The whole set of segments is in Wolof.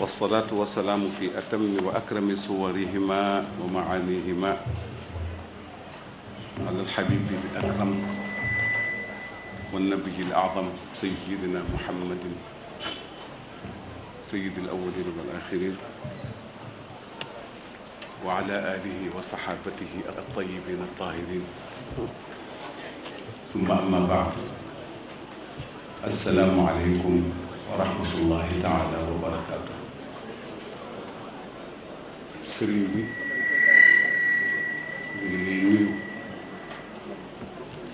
wasalaatu wasalaamu fi atami wa akrami suwarihima wa maanihima ala alxabibi bi akram wa nabiyi l azam sayidina muhammadin sayidi l awalin wal axirin wa ala alihi wa saxaabatihi at tayibin at tahirin summa amma baad assalaamu aleykum wa rahmatullahi taala wa barakatuh sëriñ bi ñu lay nuyu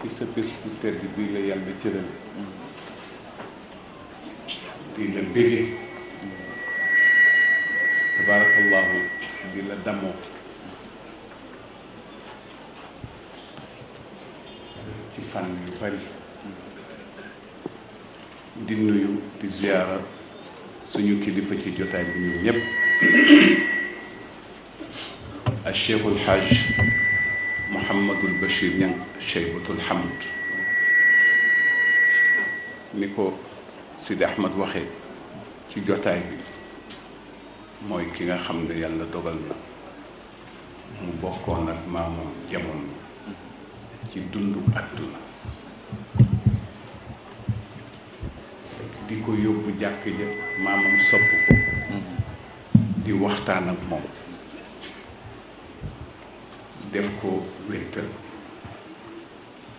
ci sa bés bu tedd bii la yàlla jëlale di la bége tabarakallahu di la damoo ci fànn yu bari di nuyu di ziara suñu kilifa ci jotaay bi ñun ñëpp al cheikh al hajj Mouhamadul Bachir Niang cheybatul hamd ni ko Sidi Ahmad waxee ci jotaay bi mooy ki nga xam ne yàlla dogal na mu bokkoon ak maamoom jamono ci dundu àdduna di ko yóbbu jàkk ja maamam sopp ko di waxtaan ak moom dem ko wéttal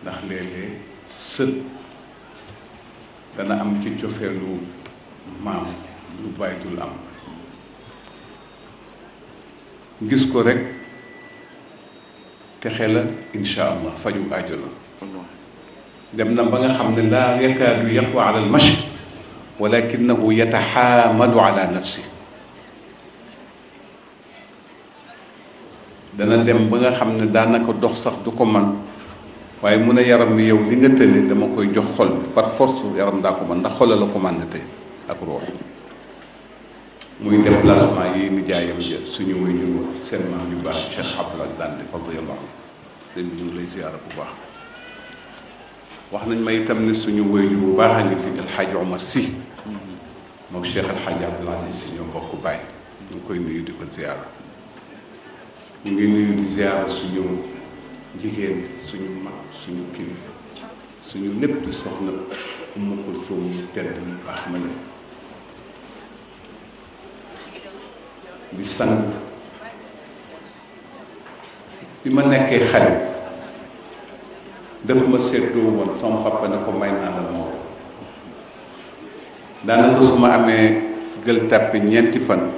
ndax léeg-léeg sët dana am ci cofeelu maam lu bàyyi dul am gis ko rek te xela insha allah faju aajo la dem na ba nga xam ne laa yakaadu yaqwa ala almashi walakinahu yataxaamalu ala nafsi dana dem ba nga xam ne daanaka dox sax du ko man waaye mun a yaram mi yow li nga tële dama koy jox xol bi par force yaram daa ko man ndax xola la ko man na tey ak ruux muy déplacement yi nijaayam ja suñu muy ñu seen maam yu baax Cheikh Abdoulaye daan di fadiyallahu seen bi ñu ngi lay ziyaara bu baax wax nañ ma itam ne suñu wéy bu baax a ngi fi El Hadj Omar Sy mm-hmm. moom Cheikh El Hadj Abdoul Aziz ñoo bokk bàyyi ñu ngi koy nuyu di ko ziyaara ñu ngi nuyu di suñu jigéen suñu mag suñu kilifa suñu lépp di soxna Umu Kulsum mu tedd mu baax ma ne di sant bi ma nekkee xale daf ma seetloo woon sama papa ko may naa la moom daanaka su ma amee gël tàppe ñeenti fan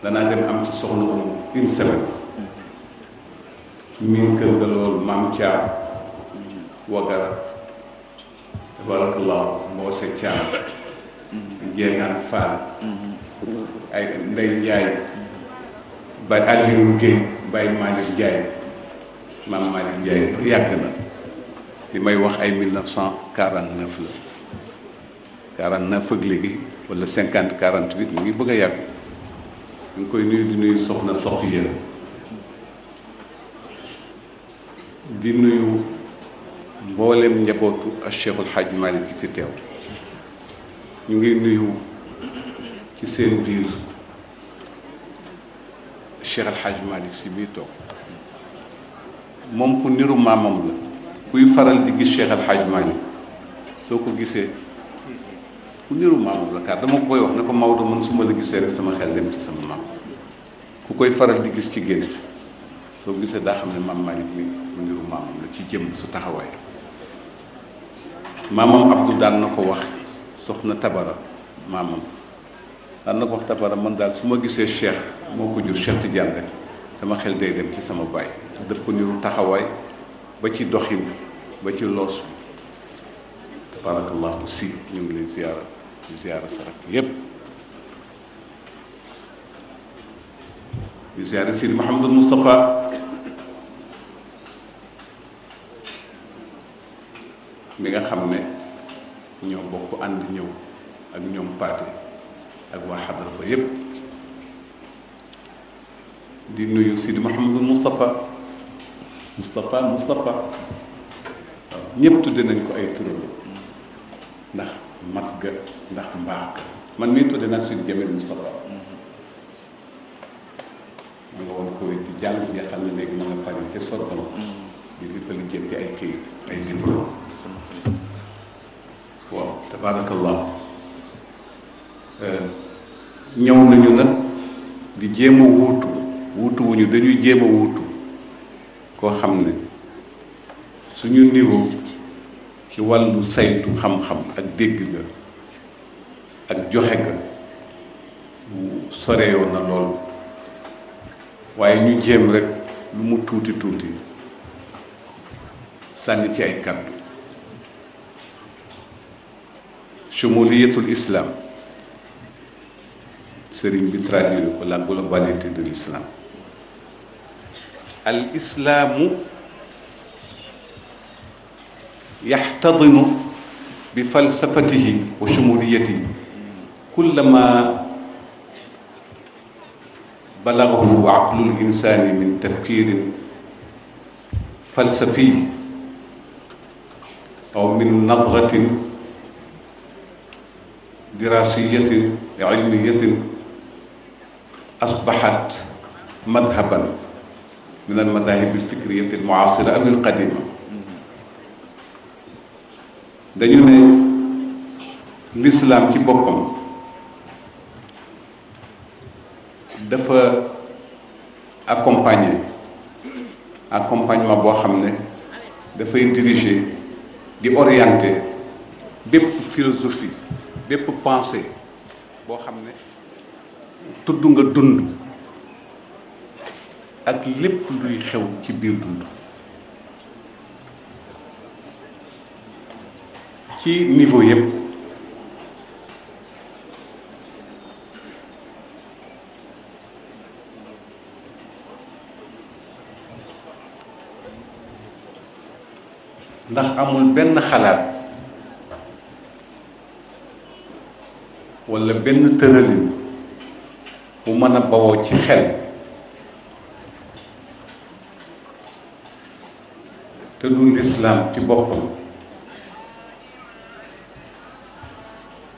danaa dem am ci soxna Umu une semaine minkëngalool maam Thiam wagar tabarakallah moo sa Thiam jéengaan Fall ay Ndey Njaay bay Aliou Guèye bay Malick Ndiaye maam Malick Ndiaye yàgg na li may wax ay mille neuf cent quarante neuf la quarante neuf ak léegi wala cinquante quarante huit mu ngi bëgg a yàgg ñu koy nuyu di nuyu soxna sox yéen di nuyu mboolem njabootu ak Cheikhul Hadj Malick gi fi teew ñu ngi nuyu ci seen biir Cheikh Al Hadj Malick si biir toog moom ku niru maamam la kuy faral di gis Cheikh Al Hadj soo ko gisee ku niru maamam la car dama ko koy wax ne ko Maodo man suma ma la gisee rek sama xel dem ci sama maam ku koy faral di gis ci gént soo gisee daa xam ne maam Malick mi mu niru maamam la ci jëm su taxawaay maamam Abdou daan na ko wax soxna Tabara maamam daan na ko wax Tabara man daal su ma gisee Cheikh moo ko jur Cheikh Tidiane rek sama xel day dem ci sama baay def ko niru taxawaay ba ci doxin ba ci loos tabarakallahu si ñu ngi leen ziyaara di ziyaara sarak yépp di siyaare Sidi Mouhamadul Moustapha mi nga xam ne ñoo bokk ànd ñëw ak ñoom paate ak waa xadara ba yépp di nuyu Sidi Mouhamadul Moustapha Moustapha Moustapha waaw ñépp tudde nañ ko ay turam ndax mat ga ndax mbaax ga man mii tudde naa Sidi Jamil Moustapha jàng bi nga xam ne léegi ma nga Paris ca Sorbonne ñu mm. di fa lijjanti ay këyit ay si waaw tabaarakallah euh, ñëw nañu nag di jéem a wuutu wuutu wuñu dañuy jéem a wuutu koo xam ne suñu niveau ci wàllu saytu xam-xam ak dégg ga ak joxe ga soreewoon na lool waaye ñu jéem rek lu mu tuuti tuuti sànni ci ay kàddu shumuliyatul islam sëriñ bi traduire ko la globalité de l'islam al islaamu yaxtadimu bi falsafatihi wa shumuliyatihi kullama balagahu aqlul insaani min tafkirin falsafi aw min nadratin dirasiyatin ilmiyatin asbaxat madhaban min almadahib alfikriyati almuasira am alqadima dañu ne l'islam ci boppam dafa accompagner accompagnement boo xam ne dafay diriger di orienter dépp philosophie dépp pensée boo xam ne tudd nga dund ak lépp luy xew ci biir dund ci niveau yépp ndax amul benn xalaat walla benn tëralin bu mën a bawoo ci xel te du lislaam ci boppam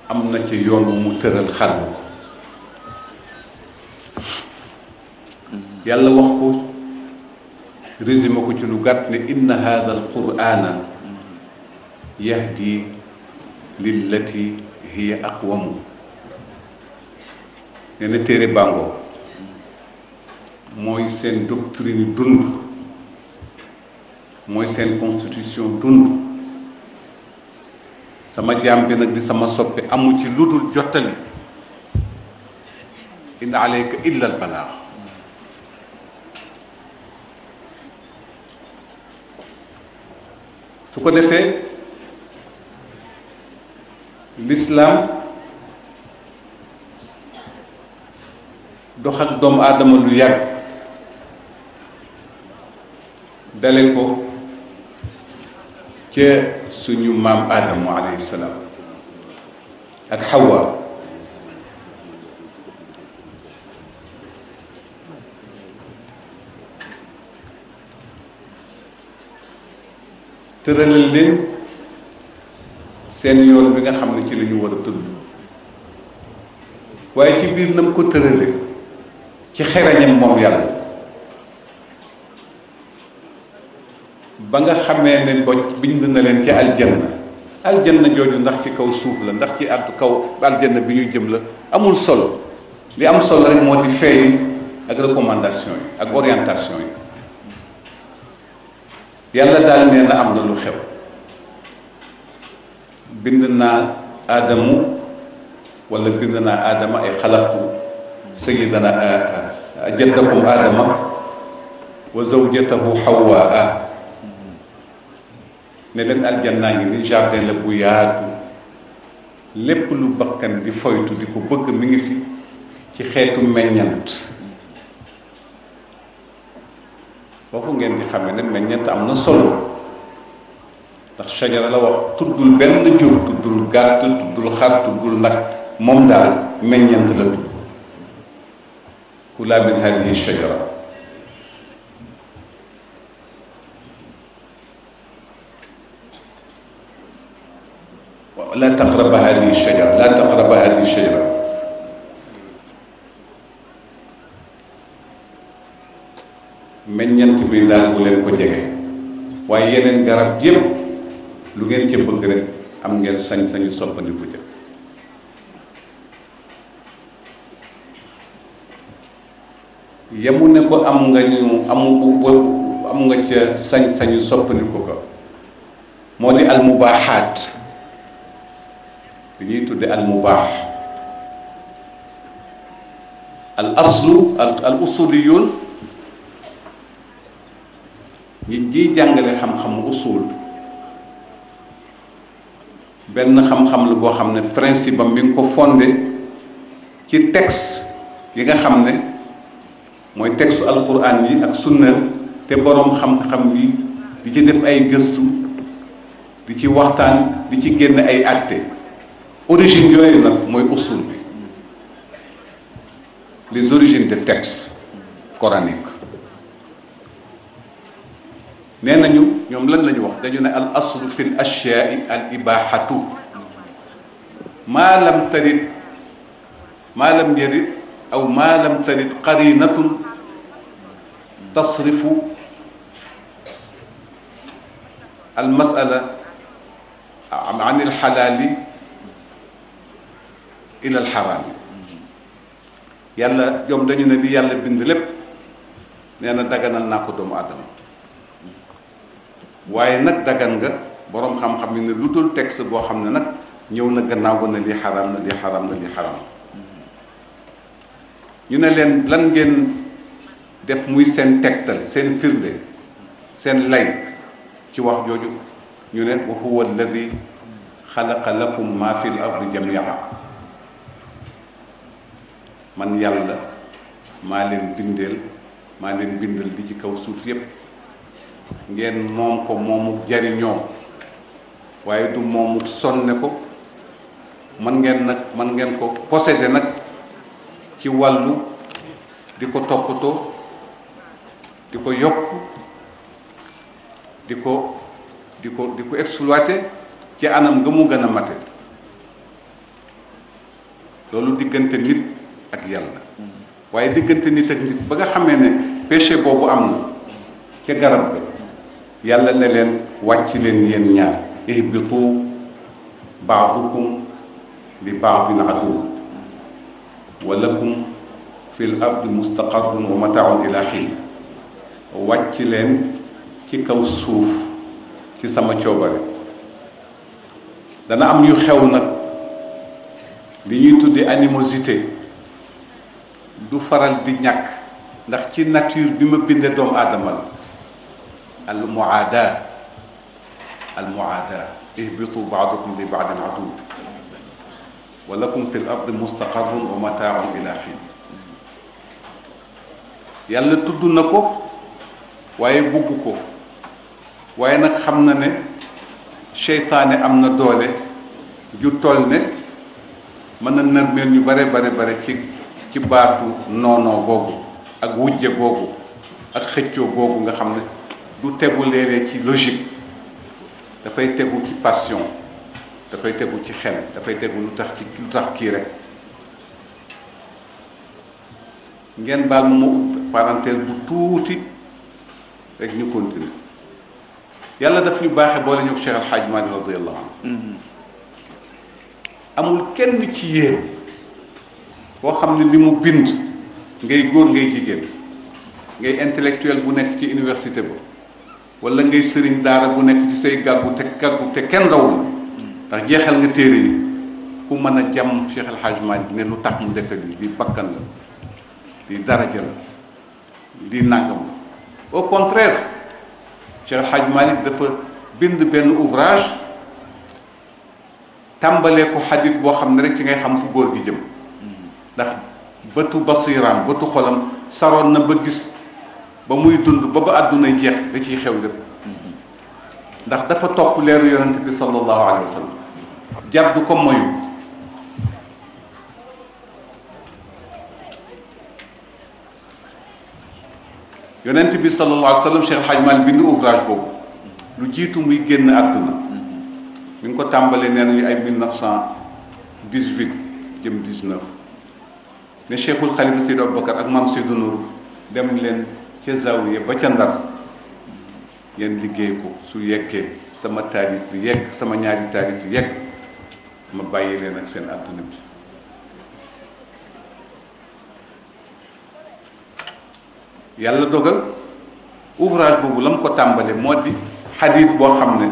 am na ci yoon mu tëral xal ko yàlla wax ko résumé ko ci lu gàtt ne inna haada al qurana yahdi lillati hiya aqwamu nee na téere bàngoo mooy seen doctrine dund mooy seen constitution dund sama jaam bi nag di sama soppe amu ci lu dul jottali in aleyka illa balaax su ko defee l'islam dox doom doomu lu yàgg dale ko ca suñu maam aadamu alayhi ak xawwa tëralal leen seen yoon bi nga xam ne ci la ñu war a tudd waaye ci biir na ko tërale ci xerañam moom yàlla ba nga xamee ne boj bind na leen ci aljanna aljanna jooju ndax ci kaw suuf la ndax ci àddu kaw aljanna bi ñu jëm la amul solo li am solo rek moo di feeyi ak recommandation yi ak orientation yi yàlla daal nee am na lu xew bind naa aadamu wala bind naa aadama ay xalaqtu sayidana jaddakum aadama wa zawjatahu xawaa ne leen aljannaa ngi ni jardin la bu yaatu lépp lu bakkan di foytu di ko bëgg mi ngi fi ci xeetu meññant foofu ngeen di xame ne meññant am na solo ndax sajara la wax tuddul benn jur tuddul gàtt tuddul xar tuddul nag moom daal meññeent la tudd kula min hadihi sajara waaw laa taqraba hadihi sajara laa taqraba hadihi meññeent bi daal bu ko jege waaye yeneen garab yépp lu ngeen ca bëgg rek am ngeen sañ-sañu soppandiku ca yemu ne ko am nga ñu amu bu am nga ca sañ-sañu soppandiku ko moo di almubaaxaat li ñuy tudde almubaax al aslu al usuliyun ñi jiy jàngale xam-xam usul benn xam-xam la boo xam ne principe ba mi ngi ko fondé ci texte yi nga xam ne mooy texte alquran yi ak sunna te boroom xam-xam yi di ci def ay gëstu di ci waxtaan di ci génn ay àtte origine yooyu nag mooy usul bi les origines des textes coraniques nee nañu ñoom lan la ñu wax dañu ne al aslu fil ashyaai al ibahatu maa lam tarit maa lam yarit aw maa lam tarit qarinatun tasrifu al masala an il xalaali ila al xaraam yàlla ñoom dañu ne li yàlla bind lépp nee na daganal naa ko doomu aadama waaye nag dagan nga boroom xam-xam yi ne lu dul texte boo xam ne nag ñëw na gannaaw ba ne lii xaraam na lii xaraam na lii xaraam ñu ne leen lan ngeen def muy seen tegtal seen firnde seen lay ci wax jooju ñu ne wa huwa alladi xalaqa lakum ma fi l ardi jamia man yàlla maa leen bindeel maa leen bindal bi ci kaw suuf yépp ngeen moom ko moomu jariñoo waaye du moomu sonne ko man ngeen nag man ngeen ko posséder nag ci wàllu di ko toppatoo di ko yokk di ko di ko di ko exploiter ci anam ga mu gën a mate loolu diggante nit ak yàlla mm. waaye diggante nit ak nit ba nga xamee ne péché boobu am na ca garab bi yàlla na leen wàcc leen yéen ñaar ihbitu baadukum li baadin adu wa lakum fi l ardi mustaqarrun wa mataaun ila wàcc leen ci kaw suuf ci sama coobare dana am yu xew na li ñuy tuddi animosité du faral di ñàkk ndax ci nature bi ma bindee doomu aadama la almuaada almuaada ihbitu baadukum li baadin adu wa lakum fi l ardi wa mataaun ila xiin yàlla tudd na ko waaye bugg ko waaye nag xam na ne seytaane am na doole ju toll ne mën na nërmeel yu bare bare bare ci ci baatu noonoo boobu ak wujje boobu ak xëccoo boobu nga xam ne du tegu léeg ci logique dafay tegu ci passion dafay tegu ci xel dafay tegu lu tax ci lu tax kii rek ngeen baal ma ut parenthèse bu tuuti rek ñu continuer yàlla daf ñu baaxe boole ñu Cheikh Al Hadj Malick radiyallahu anhu mm-hmm. amul kenn ci yéen koo xam ne li mu bind ngay góor ngay jigéen ngay intellectuel bu nekk ci université ba wala ngay sëriñ daara bu nekk ci say gàggu te gàggu te kenn rawul ndax jeexal nga téere yi ku mën a jàmm Cheikh El Hadj Malick ne lu tax mu defe lii di bakkan la di daraja la di nangam la au contraire Cheikh El Hadj dafa bind benn ouvrage tàmbalee ko xadis boo xam ne rek ci ngay xam fu góor gi jëm ndax bëtu basiram bëtu xolam saroon na ba gis ba muy dund ba ba àdduna jeex da ciy xew lépp ndax dafa topp leeru yonent bi sallallahu alayhi wa sallam jar du ko moyu yonent bi sallallahu alayhi wa sallam Cheikh Hadj Mal bind ouvrage boobu lu jiitu muy génn àdduna mi ngi ko tàmbalee nee nañu ay mille neuf cent dix-huit jëm dix-neuf ne Cheikhul Khalifa Seydou Aboubacar ak maam Seydou Nour dem leen ca zawiya ba ca ndar ngeen liggéey ko su yekkee sama taarif bi yekk sama ñaari taarif bi yekk ma bàyyi leen ak seen àdduna bi yàlla dogal ouvrage boobu la mu ko tàmbale moo di xadis boo xam ne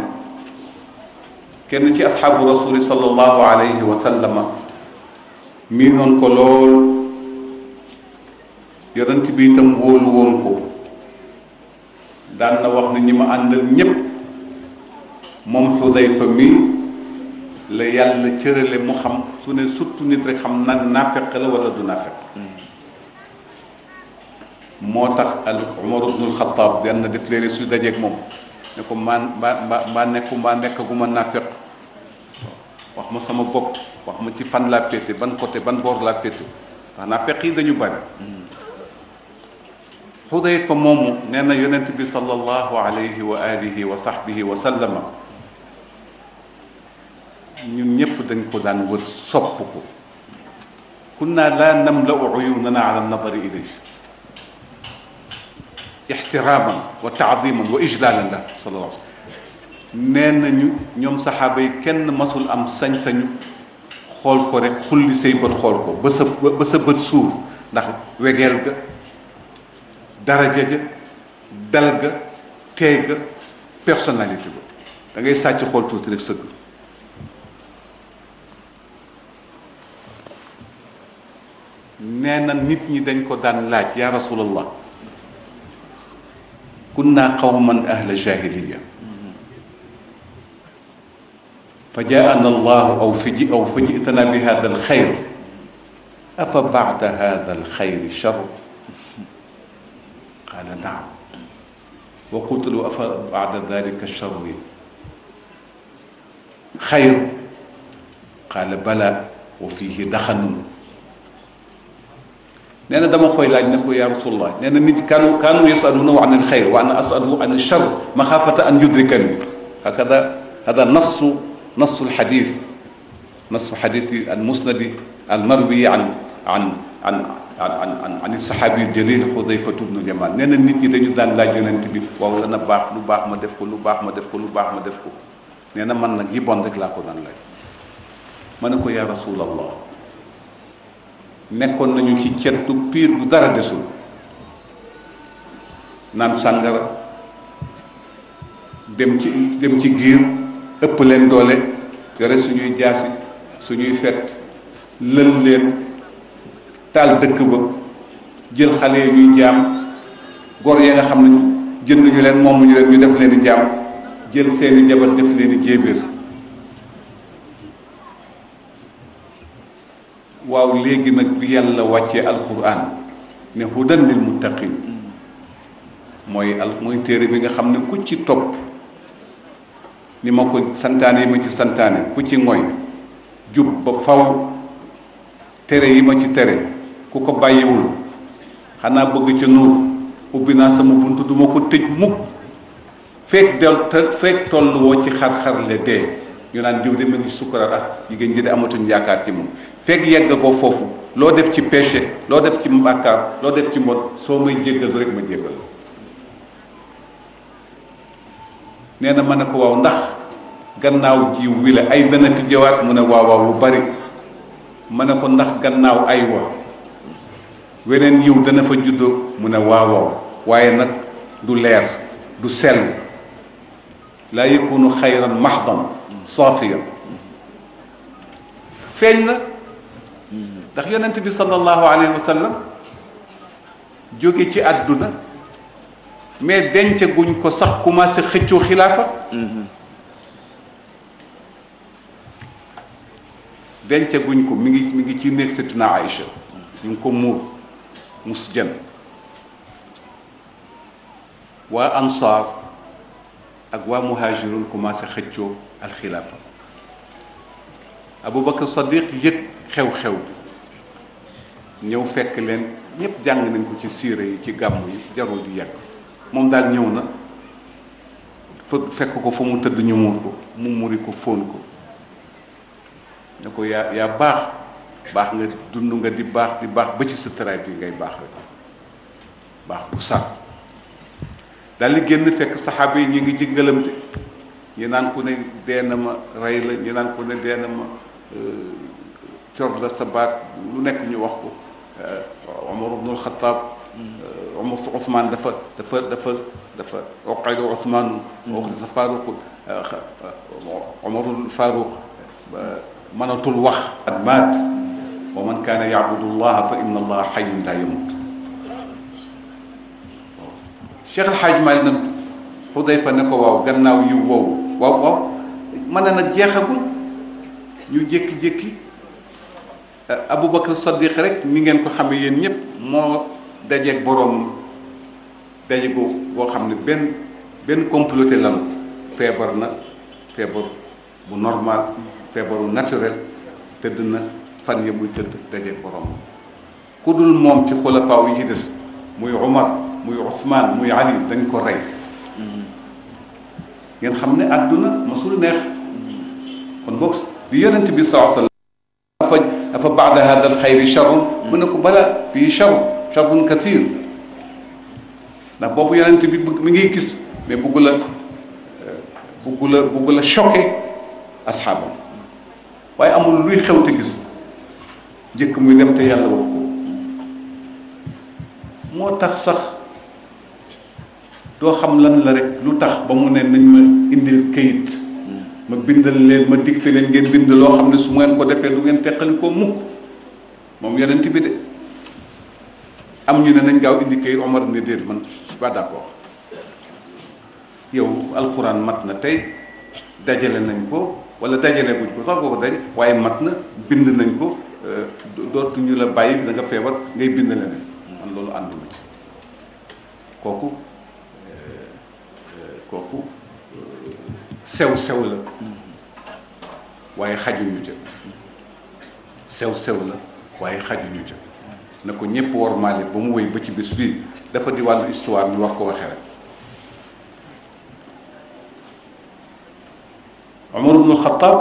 kenn ci asxaabu rasuli sallallahu alayhi wa mii noon ko lool yonent bi itam wóolu woon ko daan na wax ne ñi ma àndal ñépp moom Xudayfa mi la yàlla cërale mu xam su ne surtout nit rek xam na naafeq la wala du naafeq moo tax al Umar ibnul Xattaab def léeg-léeg su moom ne ko maa mbaa mbaa nekku mbaa nekkaguma naafeq wax ma sama bopp wax ma ci fan laa féete ban côté ban boor laa féete ndax yi dañu bari xudayfa moomu nee na yonent bi sallallahu alayhi wa alihi wa sahbihi wa sallama ñun ñëpp dañ ko daan wër sopp ko kunna laa namla'u uyunana ala nadari ilayhi ixtiraman wa taadiman wa ijlalan la sallallahu alayhi nee nañu ñoom saxaaba yi kenn masul am sañ-sañu xool ko rek xulli say bët xool ko ba sa ba sa bët suur ndax wegeel ga daraja ja dal ga teey ga personnalité ba da xool tuuti rek sëgg na nit ñi dañ ko daan laaj ya rasulallah kunna qawman ahla jahiliya fa jaana allahu aw fi aw bi hada alxayr afa baada hada alxayr shar naam wa qutilu afa baada dalika charri xayru qaala bala wa fiihi daxanun nee na dama koy laaj ne ko yaa rasulallah nee na nit kaanu kaanu yasaluuna an alxayr wa ana asalu an alchar maxaafata an yudrikani hakada hada nassu nassu alxadis nassu xadisi almusnadi almarwi an an an an an saxaabi fa xudayfatu bnul yamaan nee na nit ñi dañu daan laaj yonent bi waaw dana baax lu baax ma def ko lu baax ma def ko lu baax ma def ko nee na man nag yi bon rek laa ko daan laaj ma ne ko yaa rasulallah nekkoon nañu ci cettu piir gu dara desul naan sàngara dem ci dem ci giir ëpp leen doole yore suñuy jaasi suñuy fet lël leen taal dëkk ba jël xale yi ñuy jaam gor ya nga xam ne jënd ñu leen moom ñu leen ñu def leen di jaam jël seeni jabar def leen di jéebéer waaw léegi nag bi yàlla wàcce alquran ne hudan lil muttaqin mooy al mooy téere bi nga xam ne ku ci topp ni ma ko santaane yi ma ci santaane ku ci ngoy jub ba faw tere yi ma ci tere ku ko bàyyiwul xanaa bëgg ca nuur ubbi naa sama bunt duma ko tëj mukk feek del feek toll ci xar-xar le dee ñu naan diw de mu ngi sukkaraat ak jigéen ji de amatuñ yaakaar ci moom feek yegg ko foofu loo def ci péché loo def ci mbàkkaar loo def ci mbon soo may jéggal rek ma jéggal nee na ma ne ko waaw ndax gannaaw jiw wi la ay dana fi jëwaat mu ne waaw waaw bu bari ma ne ko ndax gannaaw ay wa weneen yiw dana fa juddoo mu ne waawaaw waaye nag du leer du sell laa yakunu xayran mahdan saafiyan feeñ na ndax yonent bi sallallahu alayhi wa sallam jóge ci àdduna mais denc guñ ko sax commencé xëccoo xilaafa mhm. denc guñ ko mu ngi mu ngi ci néeg Seydina Aïcha ñu ngi ko muur musjan waa ansaar ak waa muhaajiroon commencé xëccoo alxilaafa aboubacar sadiq yëg xew-xew bi ñëw fekk leen ñépp jàng nañ ko ci siire yi ci gàmm yi jarul di yàgg moom daal ñëw na fekk ko fa mu tëdd ñu muur ko mu muri ko fóon ko ne ko yaa baax baax nga dund nga di baax di baax ba ci sa tëraay bi ngay baax rek baax bu sàr dal di génn fekk saxaaba yi ñu ngi ci ngëlamte ñi naan ne dee ma rey la ñi naan ne dee na ma euh, cor la sa baat lu nekk ñu wax ko euh, Omar ibnul Xataab euh, dafa dafa dafa dafa oqaylu Ousmane wax mm. sa mënatul wax maat wa man kaana yaabudu llaha fa inna allaha xayyun laa yamut Cheikh El Hadj Malick nag Xudayfa ne ko waaw gannaaw yu wow waaw waaw mën na nag jeexagul ñu jékki-jékki eh, Aboubacar Saddiq rek ni ngeen ko xamee yéen ñëpp moo dajeeg boroom daje ko boo xam ne benn benn comploté lanu feebar na feebar bu normal feebaru naturel tëdd na. fan ya muy tëdd dajee borom ku dul moom ci xulafaaw yi ci des muy Umar muy Usmaan muy Ali dañ ko rey mm-hmm. ngeen xam ne àdduna masul neex mm-hmm. kon boog li yonent bi saa sallam dafa dafa baada hada al xayri charrun mm-hmm. mu ne ko bala fii charr charrun katir ndax boobu yonent bi mi ngi gis mais bugg la bugg la bugg la choqué asxaabam waaye amul luy xew te gis njëkk muy dem te yàlla wax ko moo tax sax doo xam lan la rek lu tax ba mu ne nañ ma indil kayit ma bindal leen ma dicté leen ngeen bind loo xam ne su ngeen ko defee du ngeen teqali ko mukk moom yonent bi am ñu ne nañ gaaw indi kayit Omar ne déet man je suis pas yow alxuraan mat na tey dajale nañ ko wala dajale buñ ko sax ko ko daj waaye mat na bind nañ ko Euh, dootuñu la bàyyi da nga feebar ngay bind leneen man loolu ànduma ci kooku euh, kooku euh, sew sew la waaye xajuñu ca sew sew la waaye xajuñu ca na ko ñëpp wormaale ba mu wéy ba ci bés bii dafa di wàllu histoire ñu wax ko waxee rek Omar ibnul Xattaab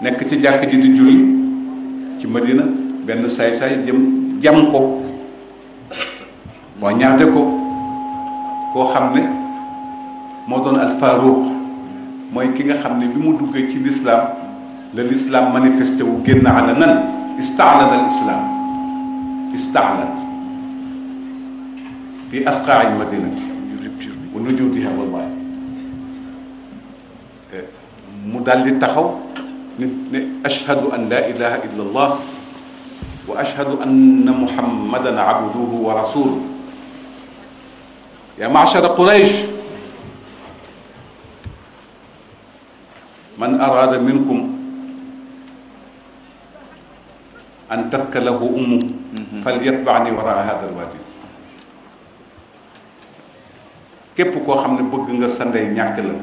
nekk ci jàkk ji di julli ci madina benn saay-saay jëm jam ko moo ñaate ko koo xam ne moo doon alfaruq mooy ki nga xam ne bi mu duggee ci lislaam la lislaam manifesté wu génn ala nan istaalana al islaam istaalan fi asqaai madinati rupture bi di daldi taxaw nit ne ashhadu an laa ilaha illa allah wa ashhadu anna muhammadan abduhu wa rasuluh yaa ma'shara quraysh man araada minkum an tazka lahu ummu mhm. falyatba'ni waraa haadha alwaadi képp koo xam ne bëgg nga sa ndey ñàkk la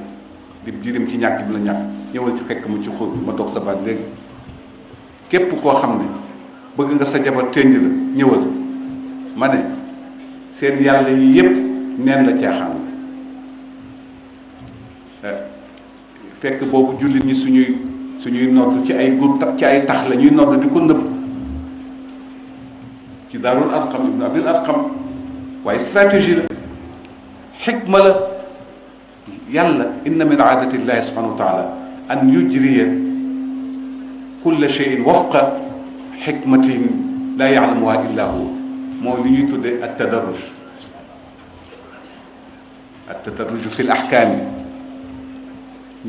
di jirim ci ñàkk bi la ñàkk ñëwal ci fekk mu ci xóot ma toog sa baat léegi képp koo xam ne bëgg nga sa jabar tënj la ñëwal ma ne seen yàlla yi yépp neen la caaxaan la eh, fekk boobu jullit ñi suñuy suñuy nodd ci ay gur ci ay tax la ñuy nodd di ko nëbb ci daarul arqam ibnu abil arqam waaye stratégie la xikma la yàlla inna min aadatillahi subhanahu wa taala an yujriya kulla cheyin wafqa xikmatin laa yaalamuha illa huwa moo li ñuy tudde ak tadarruj ak tadarruju fi l ahkaami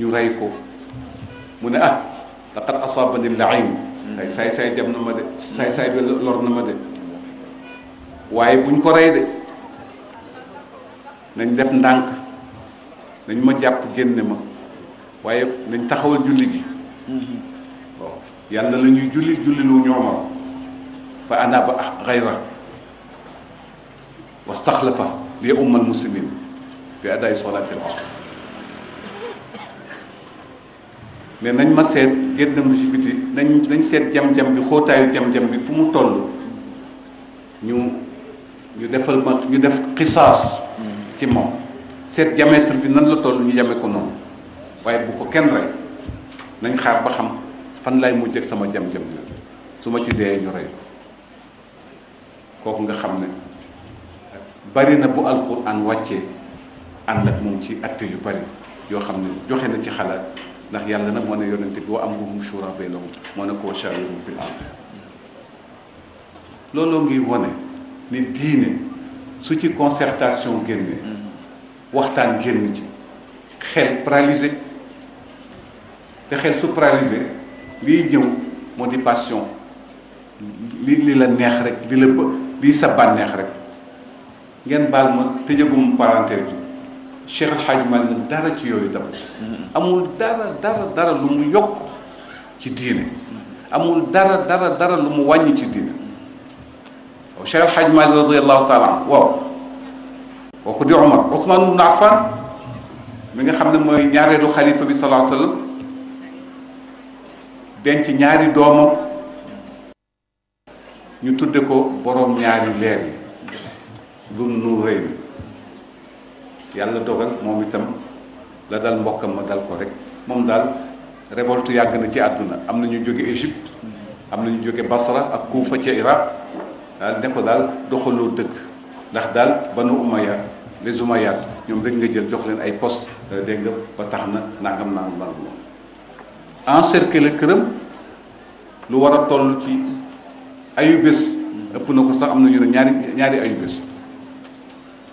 ñu rey ko mu ne ah laqad asaabani laim saay saay saay jam na ma de saay saay bi lor na ma de waaye buñ ko rey de nañ def ndànk nañ ma jàpp génne ma waaye nañ taxawal julli gi waaw yàlla la ñuy julli jullilu ñoomam fa ana ba ah xayra wastaxlafa li ummal muslimin fi adaay salaati al asr nañ ma seet génn ma ci biti nañ nañ seet jam-jam bi xóotaayu jam-jam bi fu mu toll ñu ñu defal ma ñu def xisaas mm. ci moom seet diamètre bi nan la toll ñu jame ko noonu waaye bu ko kenn rey nañ xaar ba xam fan lay mujj ak sama jam-jam la su ma ci dee ñu rey ko kooku nga xam ne bari na bu alquran wàccee ànd ak moom ci atte yu bari yoo xam ne joxe na ci xalaat ndax yàlla nag moo ne yonente bi wa amruhum shura baynahum moo ne ko shawirhum fil amr looloo ngi wone ni diine su ci concertation génnee waxtaan génn ci xel paralysé te xel su paralysé liy ñëw moo di passion li li la neex rek li la lii sa bànneex rek ngeen baal ma tëjagum parenthèse bi Cheikh El Hadj Malick dara ci yooyu tam mm-hmm. amul dara dara dara lu mu yokk ci diine amul dara dara dara lu mu wàññi ci diine waaw Cheikh El Hadj Malick radiyallahu taala waaw kooku di Omar Ousmane ibn Affan mi nga xam ne mooy ñaareelu xalifa bi sallallahu alayhi wa denc ñaari doomam ñu tudde ko boroom ñaari leer yi lum nu rëy yàlla dogal moom itam la dal mbokkam ma dal ko rek moom daal révolte yàgg na ci àdduna am na ñu jóge Égypte am na ñu jóge Basra ak Kuufa ca Iraq daal ne ko daal doxaloo dëkk ndax daal banu Umayya les Oumayades ñoom dañ nga jël jox leen ay post euh, dégg nga ba tax na nangam nangam nangam encercler le këram lu war a toll ci ayu bés ëpp na ko sax am na ñu ne ñaari ñaari ayu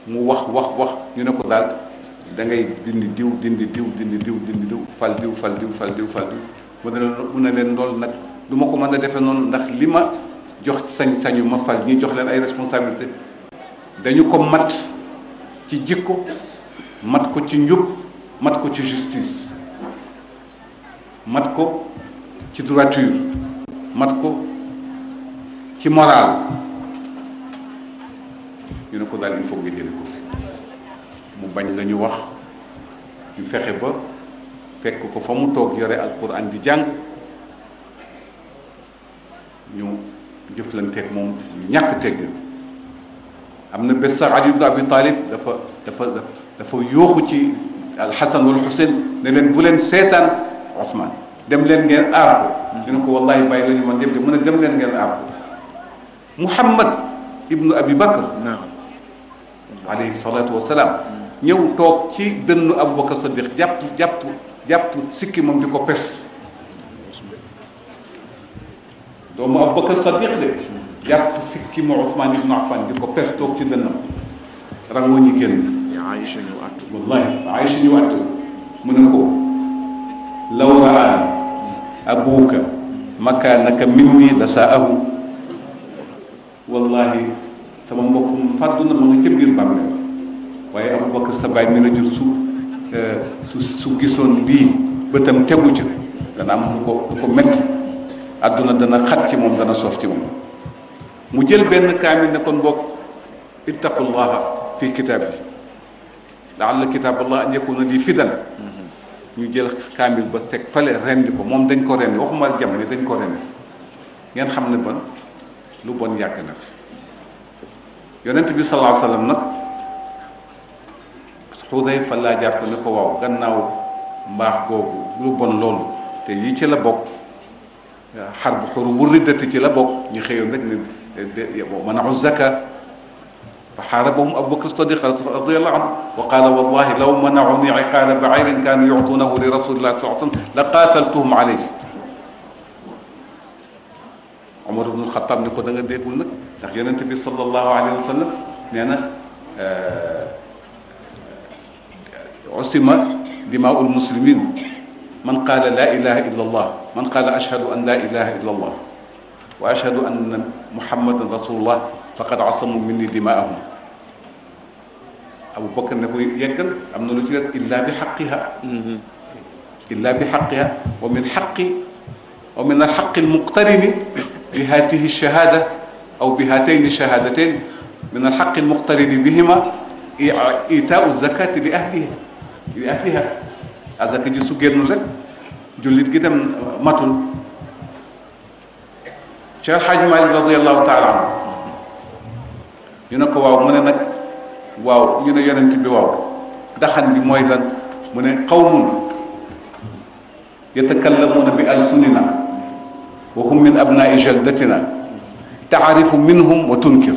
mu wax wax wax ñu ne ko daal da ngay dindi diw dindi diw dindi diw dindi diw fal diw fal diw fal diw fal diw mu ne leen mu ne leen loolu nag du ma ko mën a defee noonu ndax li ma jox sañ-sañu ma fal ñi jox leen ay responsabilité ci jikko mat ko ci njub mat ko ci justice mat ko ci droiture mat ko ci moral ñu ne ko daal il faut nga jële ko fi mu bañ la ñu wax ñu fexe ba fekk ko fa mu toog yore alquran di jàng ñu jëflanteeg moom ñu ñàkk tegg am na bés sax Ali ibn Abi Talib dafa dafa dafa yooxu ci alxasan wal xuseyn ne leen bu leen seetaan Ousmane dem leen ngeen aar ko ñu ne ko wallahi bàyyi la ñu man yëpp de mën a dem leen ngeen aar ko Muhammad ibnu Abi Bakr alayhi salaatu wasalaam ñëw toog ci dënnu Abu Bakr Sadiq jàpp jàpp jàpp sikki moom di ko pes doomu Abu Bakr Sadiq de jàpp sikki ma Ousmane ibn Affan di ko pes toog ci dënnam rangoo ñi génn Aïcha ñu àtt wallahi Aïcha ñu àtt mu ne ko law raan wallahi sama mbokk mu fàddu na nga ca biir waaye Aboubacar sa baay mi la jur eh, su su gisoon lii bëtam tegu ca dana am ko lu ko metti àdduna dana xat moom dana soof moom mu jël benn kaamil ne kon boog ittaqullaha fi kitaab bi laalla kitaaballah an yakuna lii fidan ñu jël kaamil ba teg fale rendi ko moom dañ ko rendi waxuma jamono dañ ko rendi ngeen xam ne ban lu bon yàgg na fi yonent bi sallallahu alayhi wasallam nag Xudayfa laa jàpp ne ko waaw gannaaw mbaax kooku lu bon loolu te yi ci la bokk xar bu xoru bu riddati ci la bokk ñu xëyoon rek منعوا الزكاة فحاربهم أبو بكر الصديق رضي الله عنه وقال والله لو منعوني عقال بعير كانوا يعطونه لرسول الله صلى الله عليه وسلم لقاتلتهم عليه Omar ibn Xattaab ni ko da nga déggul nag ndax yonent bi sallallahu alayhi wa sallam nee na euh, usima dimaa'ul muslimin man qaala laa ilaha illa allah man qaala ashhadu an laa ilaha illa allah wa ashhadu anna muhammadan rasulullah faqad asamu minni dimaahum abu bakar ne ko yeggal am na lu ci des illa bi xaqiha illa bi xaqiha wa min xaqi wa min alxaqi almuqtarini bi hatihi shahada aw bi hatayni shahadatain min alxaqi almuqtarini bihima itaau zakati li ahliha li ahliha azaka ji su génn rek jullit gi dem matul Cheikh Hadj Malick radiyallahu taala anhu ñu ne ko waaw mu ne nag waaw ñu ne yonent bi waaw daxan bi mooy lan mu ne qawmun yatakallamuuna bi alsunina wa hum min abnaai jaldatina taarifu minhum wa tunkir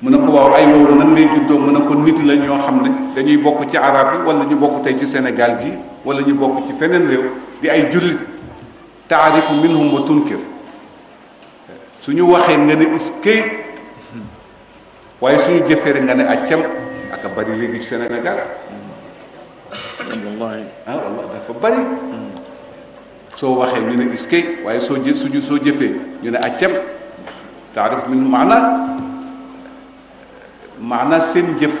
mu ne ko waaw ay woowu nan lay juddoo mu ne ko nit la xam ne dañuy bokk ci arab yi wala ñu bokk tey ci senegal gi wala ñu bokk ci feneen réew di ay jullit taarifu minhum wa tunkir suñu waxee nga ne iskay waaye suñu jëfee rek nga ne ah, soo waxee ñu ne iskay waaye soo jë suñu soo jëfee ñu ne accam taarif minhum maana maana seen jëf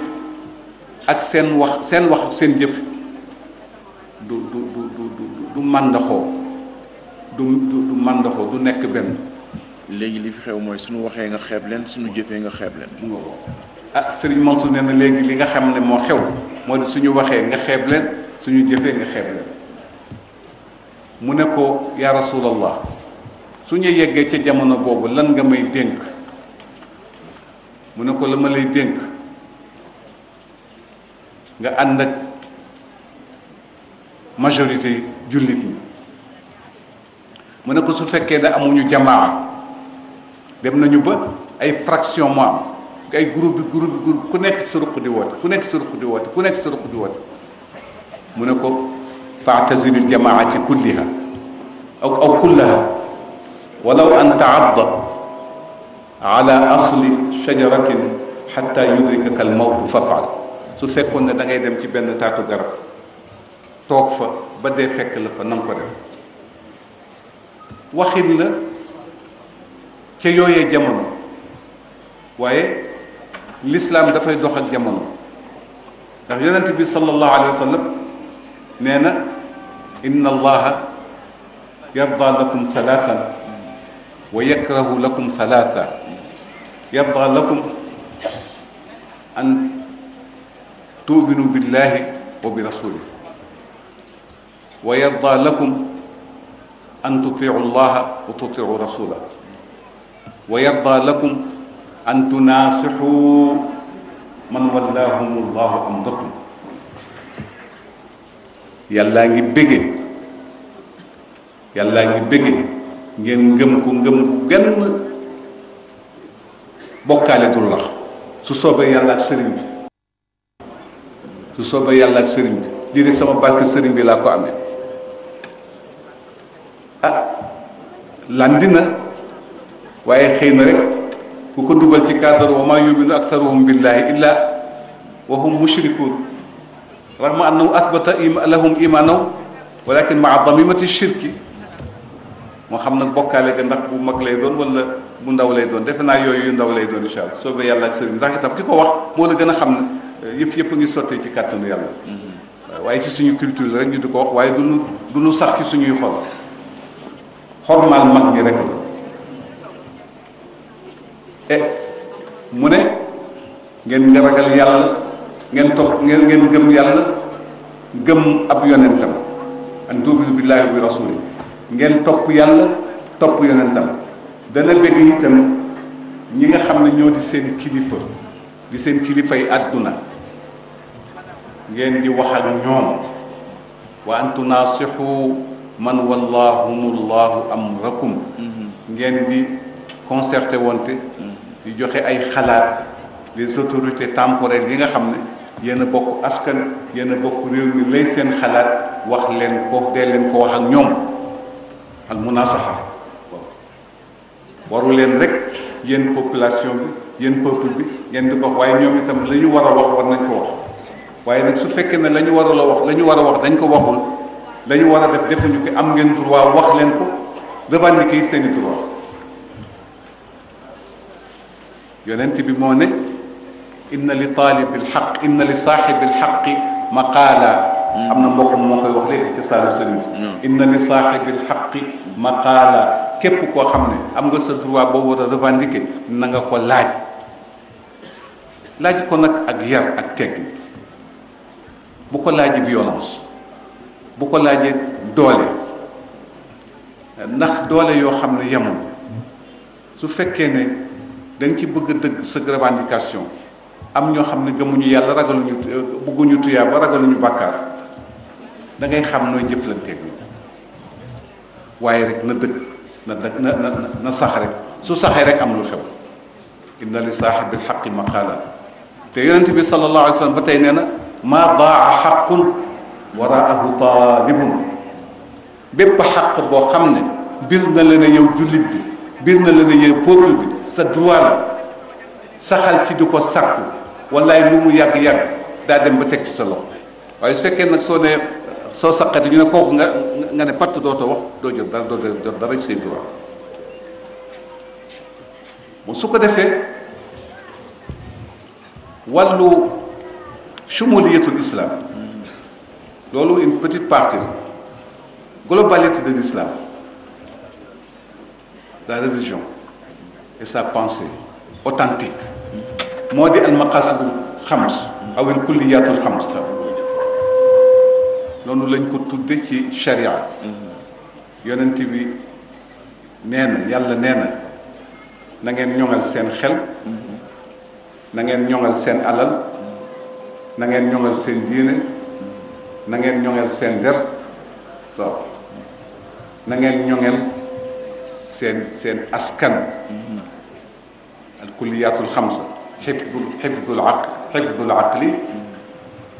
ak seen wax seen wax seen jëf du du màndaxoo du du màndaxu du nekk benn léegi li fi xew mooy suñu waxee nga xeeb leen suñu jëfee nga xeeb leen ah Serigne Mansour nee na léegi li nga xam ne moo xew moo di suñu waxee nga xeeb leen suñu jëfee nga mu ne ko yaa rasulallah suñu yeggee ca jamono boobu lan nga may dénk mu ne ko la ma lay dénk nga ànd ak majorité jullit ñi mu ne ko su fekkee ne amuñu jamaa dem nañu ba ay fraction moo ay groupe bi groupe ku nekk sa ruq di woote ku nekk sa ruq di woote ku nekk sa ruq di woote mu ne ko faataziril jamaati kulliha aw aw kullaha walaw an taadda ala asli shajaratin xatta yudrikaka al mawtu fafaal su fekkoon ne da dem ci benn taatu garab toog fa ba dee fekk la fa na nga ko def waxin la ca yooyee jamono waaye lislaam dafay dox ak jamono ndax yonent bi sallallahu alayhi wa sallam nee na inna allaha yarda lakum salaatan wa yakrahu lakum salaata yarda lakum an tuuminu billahi wa bi rasulih wa yarda lakum an tutiu llaha wa tutiu rasula wa yarda lakum an tunasixu man wallahum llahu amdakum yàllaa ngi bége yàllaa ngi bége ngeen ngëm ko ngëm ku genn bokkaale dul lax su soobee yàlla ak sëriñ bi su soobee yàlla ak sëriñ bi lii de sama barke sëriñ bi laa ko amee landi na waaye xëy na rek ku ko dugal ci cadre wa maa yuminu aktaruhum billahi illa wa hum mushrikun rahma annahu asbata lahum imanahu walakin maa damimati shirki moo xam nag bokkaale ga ndax bu mag lay doon wala ndaw lay doon defe naa yooyu yu ndaw lay doon incha allah soobee yàlla ak sëriñ ndax itam ko wax moo la gën a xam ne eh, yëf yëpp a ngi sottee ci kàttanu yàlla mm-hmm. waaye ci suñu culture rek ñu di ko wax waaye du nu du sax ci suñuy xol xormaal mag bi rek la e mu ne ngeen nga ragal yàlla ngeen topp ngeen ngeen gëm yàlla gëm ab yonentam an tuubidu billaahi bi rasuli ngeen topp yàlla topp yonentam dana bëgg itam ñi nga xam ne ñoo di seen kilifa di seen kilifay àdduna ngeen di waxal ñoom wa an tunaasixu man wallahumullahu amrakum mm-hmm. ngeen di concerté wonte mm-hmm. di joxe ay xalaat les autorités temporelles yi nga xam ne yenn bokk askan yenn a bokk réew mi lay seen xalaat wax leen ko dee leen ko wax ak ñoom ak munasaxa waru leen rek yéen population bi yéen peuple bi ngeen di ko wax waaye ñoom itam la ñu war a wax war nañ ko wax waaye nag su fekkee ne la ñu war a la wax la ñu war a wax dañ ko waxul la ñu war def defuñu ko am ngeen droit wax leen ko revendiquer seeni droit yonent bi moo ne inna li taalibil xaq inna li saaxibil xaqi maqaala am na mbokkam moo koy wax léegi ci saalu sëriñ mm. inna li saaxibil xaqi maqaala képp koo xam ne am nga sa droit boo war a revendiquer na nga ko laaj laaj ko nag ak yar ak tegg bu ko laaji violence bu ko laajee doole ndax doole yoo xam ne yemul su fekkee ne dañ nga ci bëgg a dëgg sa revendication am ñoo xam ne gëmuñu yàlla ragaluñu bëgguñu tuyaa ragaluñu bàkkaar dangay xam nooy jëflanteeg ñoom waaye rek na dëgg na na na na sax su saxee rek am lu xew inna li saaxibil xaqi maqaala te yonente bi sallallahu alayhi wa ba tey nee na maa daa xaqun waraahu taalibun bépp xaq boo xam ne biir na la ne yow jullit bi bir na la ne yow bi sa droit la saxal ci di ko sàkku wallaay lu mu yàgg-yàgg daa dem ba teg ci sa loxo waaye su fekkee nag soo ne soo saqati ñu ne kooku nga ne patt dootoo wax doo jot dara doo jot dara ci say droit moom su ko defee wàllu shumuliyatul islam loolu une petite partie globalité de l'islam la religion et sa pensée authentique moo di al maqasidul xams aw il kulliyatul xams noonu lañ ko tudde ci sharia yonent bi nee na yàlla nee na na ngeen ñoŋal seen xel na ngeen ñoŋal seen alal na ngeen ñoŋal seen diine na ngeen ñoŋeel seen der waaw na ngeen ñoŋeel seen seen askan mm-hmm. al kulliyatul xamsa xifdul xifdul aql xifdul aqli mm-hmm.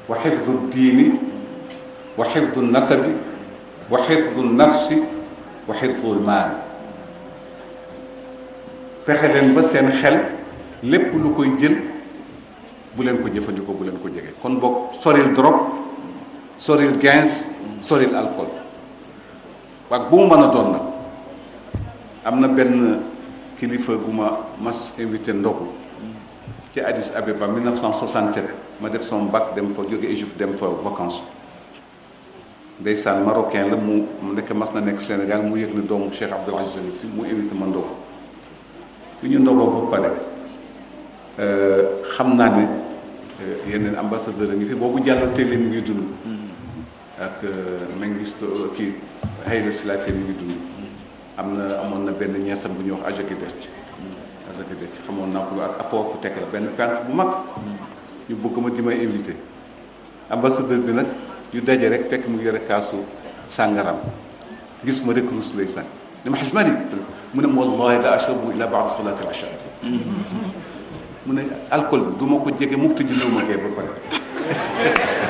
wa xifdul diini wa xifdul nasabi wa xifdul nafsi wa xifdul maal fexe leen ba seen xel lépp lu koy jël bu leen ko jëfandikoo bu leen ko jege kon boog soril drogue soril gaz soril alcool waaye bu mu mën a doon nag am na benn kilifa gu ma mas invité ndogu ci Addis Abeba 1967 ma def sama bac dem fa jóge Égypte dem fa vacances ndeysaan marocain la mu nekk mas na nekk Sénégal mu yëg ne doomu Cheikh Abdoul Aziz Al mu invité ma ndogu bu ñu ndogoo ba pare euh, xam naa ne euh, yeneen ambassadeur a ngi fi boobu jàll télim ngi dund mm-hmm. ak euh, Mengistu kii Haile Selassie mi ngi dund am na amoon na benn ñeesam bu ñuy wax Ajokidechi Ajokidechi xamoon naa ko ak afoo ku teg la benn peintre bu mag ñu bëgg ma di may invité ambassadeur bi nag yu daje rek fekk mu yore kaasu sàngaram gis ma rek ruus lay sàng dama xaj ma ni mu ne wallahi la ashrabu ila ba'da salati al-isha mu ne alcool bi du ma ko jege mukk te julliwuma gee ba pare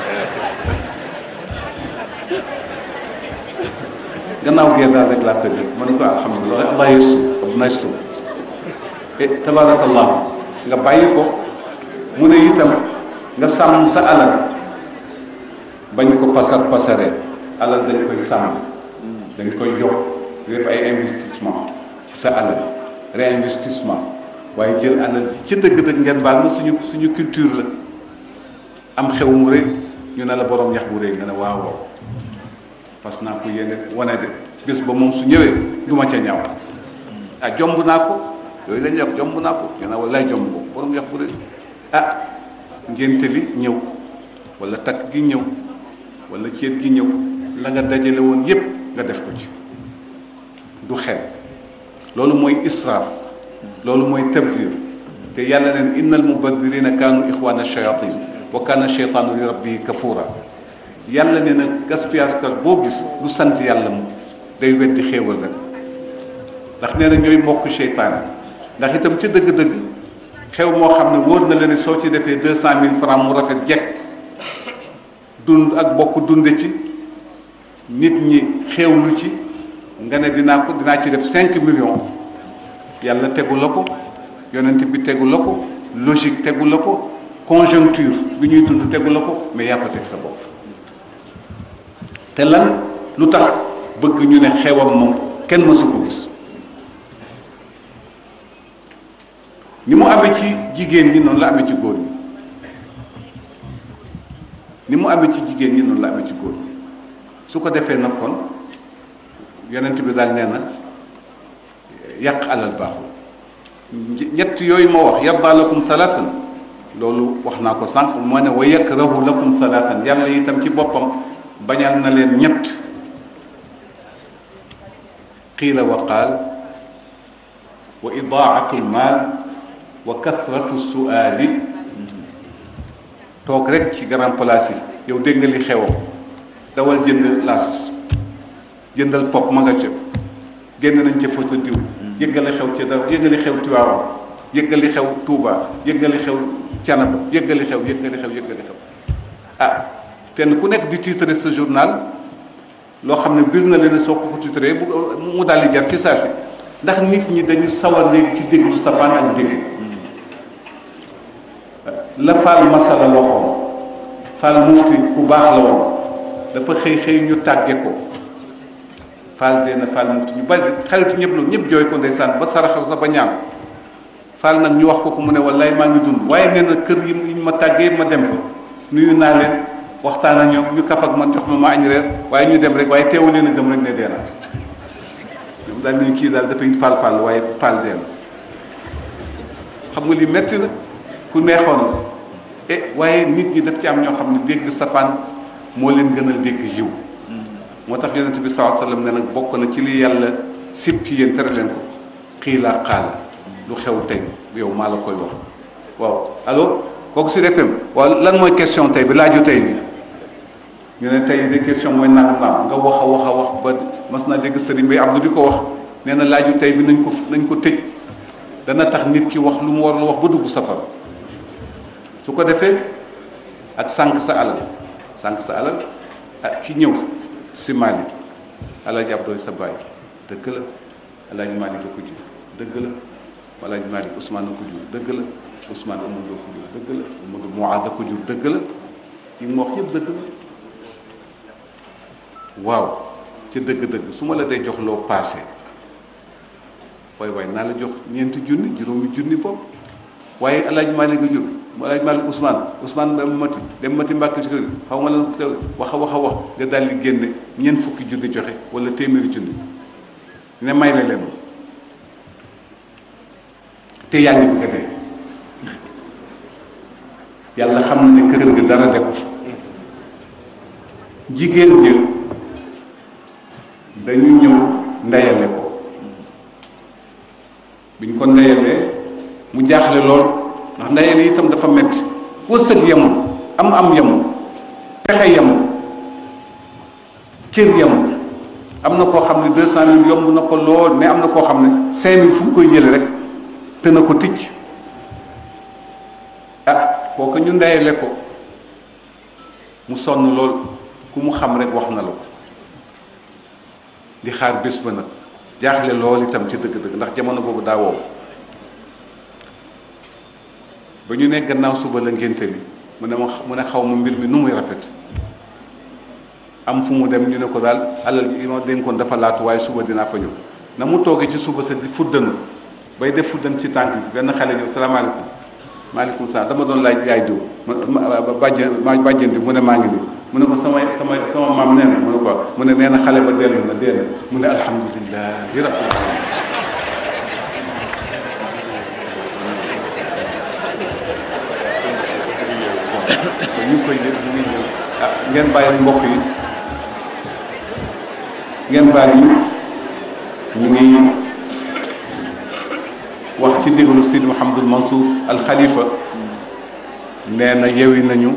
gannaaw gee daal rek laa ko jël ma ne ko alhamdulilah allah yestu abna yestu e eh, tabarakallahu nga bàyyi ko mu ne itam nga sàmm sa alal bañ ko pasar pasaree alal dañ koy sàmm dañ koy yokk def ay investissement ci sa alal réinvestissement waaye jël alal ji ci dëgg-dëgg ngeen baal ma suñu suñu culture la am xew mu rëy ñu ne la borom yax bu rëy nga ne waaw waaw fas naa ko yéene wane de bés ba moom su ñëwee du ma ca ñaaw ak ah, jomb naa ko yooyu la ñuy jomb naa ko dina walaay jomb ko borom yàq bu de ah ngénte li ñëw wala takk gi ñëw wala ceet gi ñëw la nga dajale woon yépp nga def ko ci du xel loolu mooy israaf loolu mooy tabdir te yàlla neen innal mubadirina kaanu ixwaana shayatin wa kaana shaytaanu li rabbihi kafuura yàlla ne na gaspillage kas boo gis du sant yàlla mu day weddi xéewal rek ndax nee na ñooy mbokk seytaane ndax itam ci dëgg-dëgg xew moo xam ne wóor na la ne soo ci defee deux cent mille francs mu rafet jekk dund ak bokk dunde ci nit ñi xéewlu ci nga ne dinaa ko dinaa ci def cinq millions yàlla tegu la ko yonent bi tegu la ko logique tegu la ko conjoncture bi ñuy dund tegu la ko mais yaa teg sa bopp te lan lu tax bëgg ñu ne xewam moom kenn mësu ko gis ni mu amee ci jigéen ñi noonu la amee ci góor ñi mu amee ci jigéen ñi noonu la ci góor su ko defee nag kon yonent bi daal nee na yàq alal baaxul ñett yooyu moo wax yarda lakum salaatan loolu wax naa ko sanq moo ne wa yakrahu lakum salaatan yàlla itam ci boppam bañal na leen ñett qiila wa qaal wa idaatu lmaal wa kathratu suaali toog rek ci grand place yi yow dégg nga xew xewam dawal jënd laas jëndal pop ma nga ca génn nañ ca foto diw yëggali xew ca daw li xew Tiwaawan yëggali xew Tuuba yëggali xew Canaba li xew yëggali xew yëggali xew ah kenn ku nekk di titrer sa journal loo xam ne biir na leen soo ko ko titré bu mu daal di jar ci saa si ndax nit ñi dañu sawar léegi ci sa sapaan ak dégg la Fall masala loxoom Fall mufti ku baax la woon dafa xëy xëy ñu tàgge ko Fall dee na Fall mufti ñu bari xaritu ñëpp loolu ñëpp jooy ko ndeysaan ba saraxal sa ba ñaan Fall nag ñu wax ko ko mu ne wallaay maa ngi dund waaye nee na kër yi ma tàggee ma dem fa nuyu naa leen waxtaan ak ñoom ñu kaf ak man jox ma ma añ reer waaye ñu dem rek waaye teewul nee na dem rek ne dee na ñoom daal nañu kii daal dafay faal faal waaye faal dee na xam nga li metti la ku neexoon la e waaye nit ñi daf ci am ñoo xam ne dégg safaan moo leen gënal dégg jiw moo tax yonent bi sallallahu alayhi wasallam ne nag bokk na ci li yàlla sib ci yéen tere leen ko xiilaa xaala lu xew tey yow maa la koy wax waaw allo kooku Sud FM waaw lan mooy question tey bi laaju tey bi ñu ne tey de question mooy nangam nga wax a wax a wax ba mas naa dégg sëriñ bay Abdou di ko wax nee na laaju tey bi nañ ko nañ ko tëj dana tax nit ki wax lu mu war lu wax ba dugg safara su ko defee ak sànq sa alal sànq sa alal ak ah ki ñëw si Mali alaaji sa baay dëgg la alaaji Mali la ko jur dëgg la alaaji Mali Ousmane la ko jur dëgg la Ousmane Amadou la ko ko jur dëgg la mu wax yëpp dëgg la waaw ca dëgg-dëgg su ma la dee jox loo paase waaye waaye naa la jox ñeenti junni juróomi junni bopp waaye El Hadj Malick Diouf El Hadj Malick Ousmane Ousmane dem mati dem ci kër gi xaw ma lan wax a wax a wax di génne ñeent fukki junni joxe wala téeméeri junni ne may la leen te yaa ngi bëgg a yàlla xam na ne kër gi dara def jigéen jël. dañu ñëw ndeyale ko biñ ko ndeyalee mu jaaxale lool ndax ndeyale itam dafa metti wërsëg yemul am am yemul pexe yemul cër yemul am na koo xam ne deux cent yomb na ko lool mais am na koo xam ne cinq fu mu koy jële rek te na ko ticc ah kooku ñu ndeyale ko mu sonn lool ku mu xam rek wax na la di xaar bés ba nag jaaxle lool itam ci dëgg-dëgg ndax jamono boobu daa wow ba ñu ne gannaaw suba la ngénte li mu ne ma ne xaw ma mbir mi nu muy rafet am fu mu dem ñu ne ko daal alal ji ma dénkoon dafa laatu waaye suba dinaa fa ñëw na mu tooge ci suba sa di fuddanu bay def fuddan ci tànk bi benn xale ñëw salaamaaleykum maaleykum salaam dama doon laaj yaay diw bàjj bàjjen bàjjen bi mu ne maa ngi nii mu ne ko samay samay sama maam nee na mu ne ko mu ne nee na xale ba dellu na dee na mu ne alhamdulilah rabbil alamin ñu ngi koy yëg ñu ngi ñëw ah ngeen bàyyi mbokk yi ngeen bàyyi ñu ngi wax ci ndigalu Sidi Mouhamadul Mansour al Khalifa nee na yewi nañu.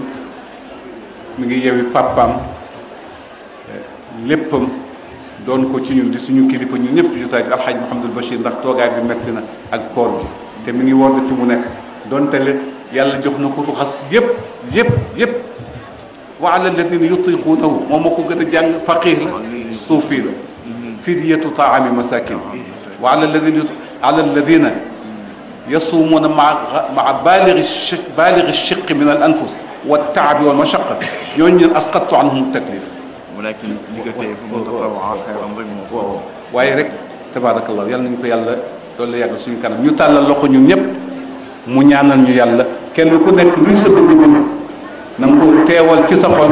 mi ngi yewi papaam léppam doon ko ci ñun di suñu kilifa ñun ñëpp ci jotaay bi alxaaj Mouhamadul Bachir ndax toogaay bi metti na ak koor gi te mi ngi woon fi mu nekk donte le yàlla jox na ko ruxas yëpp yëpp yëpp wa ala alladina yutiquunahu moom moo ko gën a jàng faqih la suufi la fidyatu taami masakin wa ala alladina ala alladina yasuumuuna maa maa baaligi baaligi chiqi min al anfus wa taabi wal mashaqa ñooñu ñun asqattu anhum taklif waaye rek tabaarakallah yàlla nañu ko yàlla loolu la yàggal suñu kanam ñu tàllal loxo ñun ñëpp mu ñaanal ñu yàlla kenn ku nekk luy sa bëgg-bëgg na nga ko teewal ci sa xol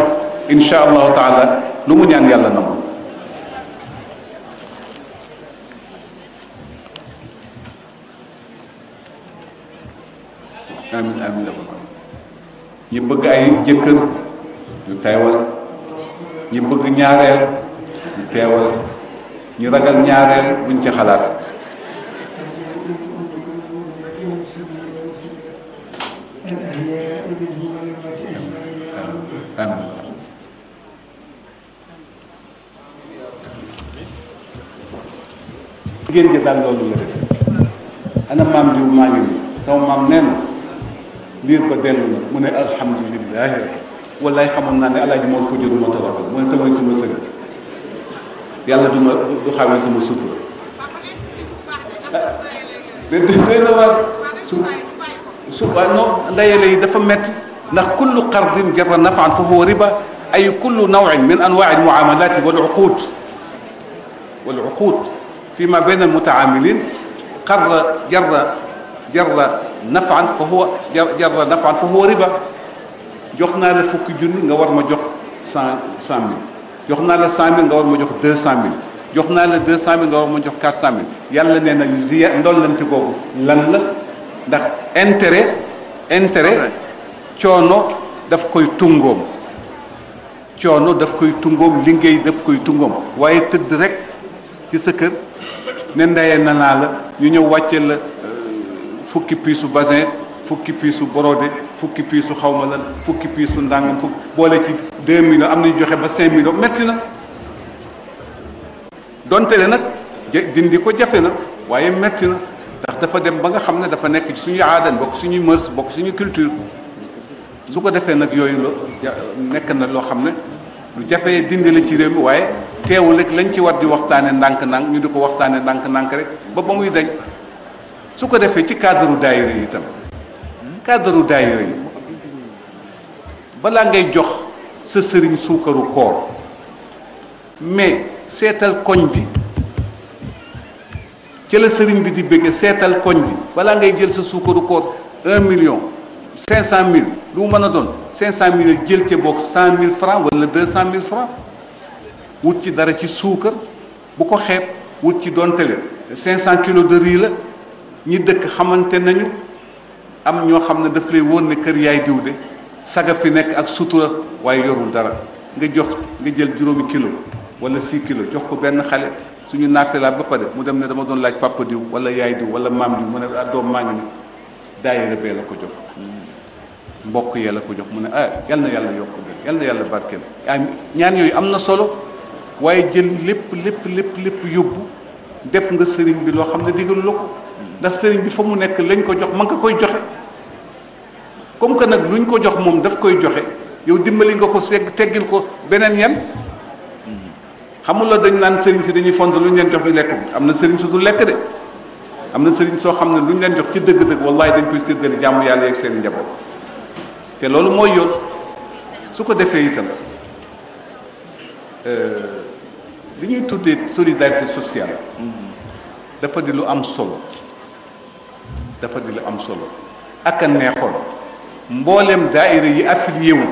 incha allahu taala lu mu ñaan yàlla nangu amin amin ñi bëgg ay jëkkër ñu teewal ñi bëgg ñaareel ñu teewal ñi ragal ñaareel buñ ci xalaat jigéen ana maam diw maa sama maam nee liir ba dellu na mu ne alhamdulilahi rek wallaay xamoon naa ne alaaji moo ko jur moo tawakal mu ne tamay yàlla du ma du xawee suma sutura day na waar su su waaw non ndayele yi dafa métti ndax kullu qardin jarra nafan fa huwa riba ay kullu nawin min anwaa almuamalati wal fi ma bayna almutaamilin qarra jarra nafan fa huwa jar la nafan fa huwa riba jox naa la fukki junni nga war ma jox cent cent jox naa la cent mille nga war ma jox deux cent mille jox naa la deux cent ma jox quatre cent mille yàlla nee na zi ndollante kooku lan la ndax intérêt intérêt coono daf koy tungoom coono daf koy tungoom liggéey daf koy tungoom waaye tëdd rek ci sa kër ne ndeyee na naa la ñu ñëw wàcce la fukki piisu basin fukki piisu borode fukki piisu xawma la fukki piisu ndàngam fukk boole ci deux millions am nañu joxe ba cinq millions metti na donte le nag dindi ko jafe na waaye metti na ndax dafa dem ba nga xam ne dafa nekk ci suñu aadan bokk suñu mœurs bokk suñu culture su ko defee nag yooyu la nekk na loo xam ne lu jafe dindi la ci réew mi waaye teewul rek lañ ci war di waxtaane ndànk-ndànk ñu di ko waxtaane ndànk-ndànk rek ba ba muy dañ su ko defee ci cadre daayira yi itam cadre daayira yi balaa ngay jox sa sëriñ suukaru koor mais seetal koñ bi ci la sëriñ bi di bëgge seetal koñ bi balaa ngay jël sa suukaru koor un million cinq cent mille lu mën a doon cinq cent mille jël ca boog cent mille francs wala deux cent mille francs wut ci dara ci suukar bu ko xeeb wut ci donte tele cinq cent kilos de riz la ñi dëkk xamante nañu am ñoo xam ne daf lay wóor ne kër yaay diw de saga fi nekk ak sutura waaye yorul dara nga jox nga jël juróomi kilo wala six kilo jox ko benn xale suñu laa ba pare mu dem ne dama doon laaj papa diw wala yaay diw wala maam diw mu ne ah doom maa ngi ni daayira bee la ko jox mbokk yee la ko jox mu ne ah yal na yàlla yokk de yal na yàlla barkeel ah ñaan yooyu am na solo waaye jël lépp lépp lépp lépp yóbbu def nga sëriñ bi loo xam ne digalu la ko ndax sëriñ bi fa mu nekk lañ ko jox man nga koy joxe comme que nag luñ ko jox moom daf koy joxe yow dimbali nga ko segg teggil ko beneen yan xamuloo dañ naan sëriñ si dañuy fond luñ leen jox ñu lekk ko am na sëriñ su du lekk de am na sëriñ soo xam ne luñ leen jox ci dëgg-dëgg wallahi dañ koy séddale jàmm yàlla yeeg seen njaboot te loolu mooy yoon su ko defee itam euh, li ñuy tuddee solidarité sociale dafa di lu am solo dafa di lu am solo ak a neexoon mboolem daayira yi affilié wu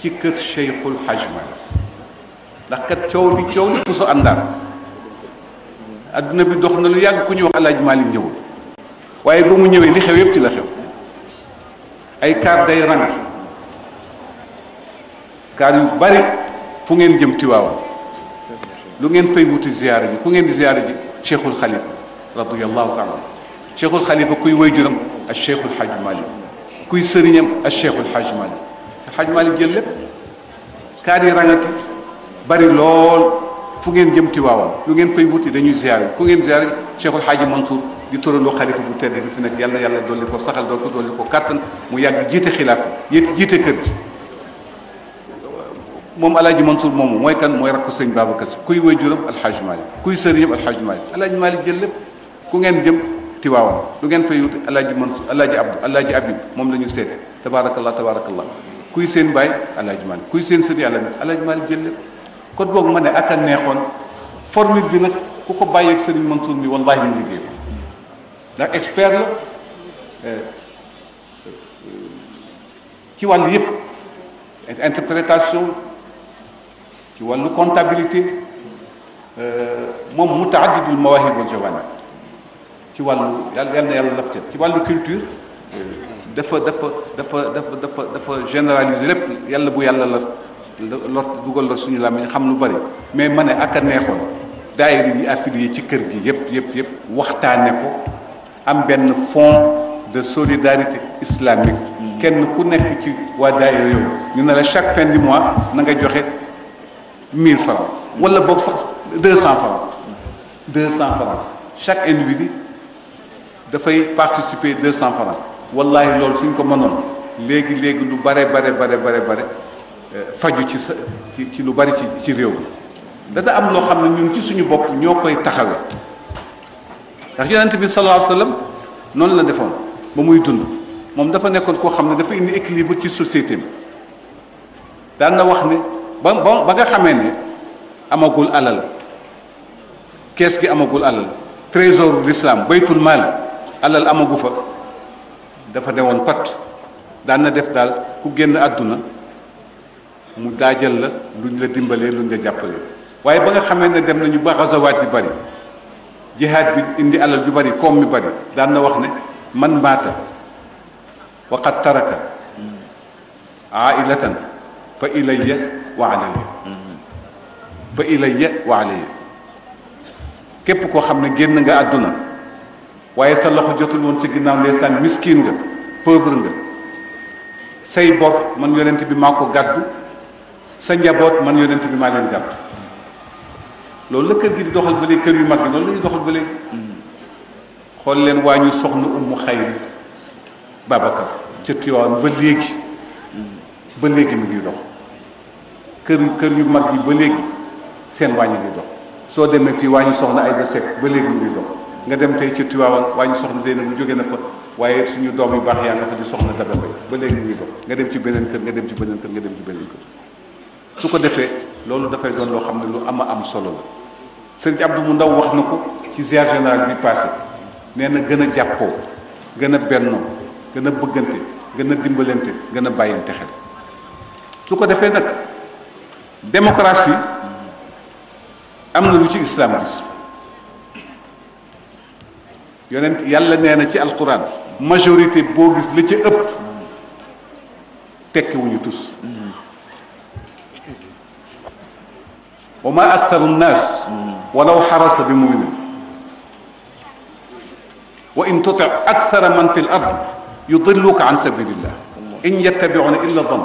ci kër Cheikhul Hadj ndax kat coow li coow li puso àndaan adduna bi dox na lu yàgg ku ñuy wax Alaaji Malick ñëwul waaye ba mu ñëwee li xew yëpp ci la xew ay kaar day rang kaar yu bari fu ngeen jëm Tiwaawan lu ngeen fay wuti ziyaara ji ku ngeen di ziyaara ji Cheikhul Khalifa radiyallahu taala cheikhul xalifa kuy wayjuram ak cheikhul xaj malik kuy sëriñam ak cheikhul xaj malik xaj malik jël lépp kaar yi rangati bari lool fu ngeen jëm Tiwaawan lu ngeen fay wuti dañuy ziare ku ngeen ziare cheikhul xaaji Mansour di turandoo xalifa bu tedd bi fi nekk yàlla yàlla dolli ko saxal doo ko dolli ko kàttan mu yàgg jiite xilaaf yéen jiite kër gi moom alaaji Mansour moomu mooy kan mooy rakk sëñ Babacar Si kuy wayjuram alxaaji Malik kuy sëriñam alxaaji Malik alaaji Malik jël lépp ku ngeen jëm Tiwaawan lu ngeen fay wuti alaaji Mansour alaaji Abdou alaaji Abib moom la ñu seeti tabaarakallah tabaarakallah kuy seen baay alaaji Malik kuy seen sëriñ yàlla alaaji Malik jël lépp kon boog ma ne ak a neexoon formule bi nag ku ko bàyyeeg sëriñ Mansour mi wallahi mu liggéey ko ndax expert la eh, eh, ci wàllu yëpp interprétation ci wàllu comptabilité eh, moom mutaadidul mawahib wal jawaanib ci wàllu yàlla na yàlla laf ci wàllu culture dafa dafa dafa dafa dafa dafa généraliser lépp yàlla bu yàlla la lor dugal la suñu làmmiñ xam lu bari mais ma ne ak a neexoon daayira yi affilié ci kër gi yëpp yëpp yëpp waxtaane ko am benn fond de solidarité islamique kenn ku nekk ci waa daayira yow ñu ne la chaque fin du mois na nga joxe mille francs walla boog sax deux cent francs deux cent francs chaque individu dafay participer de cent francs wallahi loolu suñ ko mënoon léegi léegi lu bare bare bare bare bare euh, faju ci sa ci lu bari ci ci réew mi dafa am loo xam ne ñun ci suñu bopp ñoo koy taxawee ndax yonent bi sallallahu alayhi wasallam noonu la defoon ba muy dund moom dafa nekkoon koo xam ne dafa indi équilibre ci société bi wax ni ba ba nga xamee ne amagul alal kees gi amagul alal trésor l'islam baytul mal alal amagu fa dafa newoon pat daan na def daal ku génn àdduna mu daajal la luñ la dimbalee luñ la jàppalee waaye ba nga xamee ne dem nañu ba xasawaat yi bari jihaad bi indi alal ju bari koom mi bari daan na wax ne man maata waxat taraka ailatan fa ilayya wa alayya fa ilayya wa alayya képp koo xam ne génn nga àdduna waaye sa loxo jotul woon ci ginnaaw ndeysaan miskin nga pauvre nga say bor man yonent bi maa ko gàddu sa njaboot man yonent bi maa leen gàddu loolu la kër gi di doxal ba léegi kër yu mag yi loolu la ñuy doxal ba léegi xool leen waa ñu soxna ummu xayri Babacar ca ba léegi ba léegi mi kër yu mag yi ba léegi seen waa ñu dox soo demee fii waa ñu soxna ay da ba léegi mi ngi dox nga dem tey ci Tiwaawan waaye ñu soxna Zeynab jóge na fa waaye suñu doom yu baax yaa nga fa di soxna Daba Mbaye ba léegi ñu ngi nga dem ci beneen kër nga dem ci beneen kër nga dem ci beneen kër su ko defee loolu dafay doon loo xam ne lu ama am solo la sëriñ Abdou mu ndaw wax na ko ci ziar général bi passé nee na gën a jàppoo gën a bennoo gën a bëggante gën a dimbalante gën a bàyyante xel su ko defee nag démocratie am na lu ci islam gis yonent yàlla nee na ci alquran majorité boo gis la ci ëpp tekkiwuñu tus wa ma aktaru nnaas walaw xarasta bi muminin wa in tuti akthara man fi l ard yudilluka an sabilillah in yattabiuna illa dhann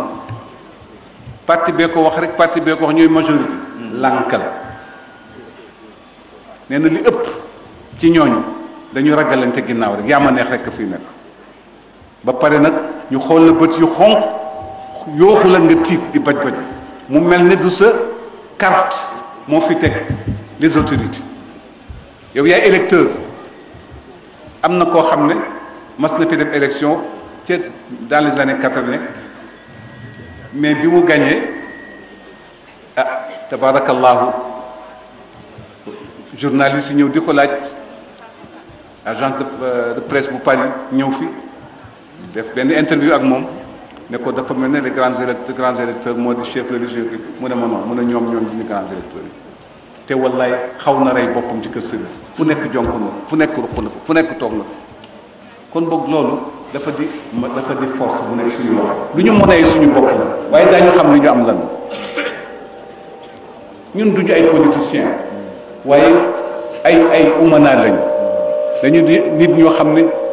parti bee ko wax rek parti bee ko wax ñooy majorité lànkal nee na li ëpp ci ñooñu dañu ragalante ginnaaw rek yaa ma neex rek fi nekk ba pare nag ñu xool la bët yu xonq yooxu la nga tiit di baj baj mu mel ni du sa carte moo fi teg les autorités yow yaay électeur am na koo xam ne mas na fi def élection ca dans les années quatre-vingt mais bi mu gagné ah tabaarakallaahu journaliste yi ñëw di ko laaj. agence euh, de presse bu Paris ñëw fi def benn interview ak moom ne ko dafa mel ne les grands élect grands électeurs moo di chef religieux bi mu ne ma non a ne ñoom ñoom ñu grands électeurs yi te wallaay xaw na rey boppam ci kër sëriñ fu nekk jonk na fu nekk ruq na fu nekk toog na kon boog loolu dafa di dafa di force bu nekk suñu loxo lu ñu mën ay suñu bopp la waaye daañu xam li ñu am lan ñun duñu ay politiciens waaye ay ay umana lañu dañu di nit ñoo xam ne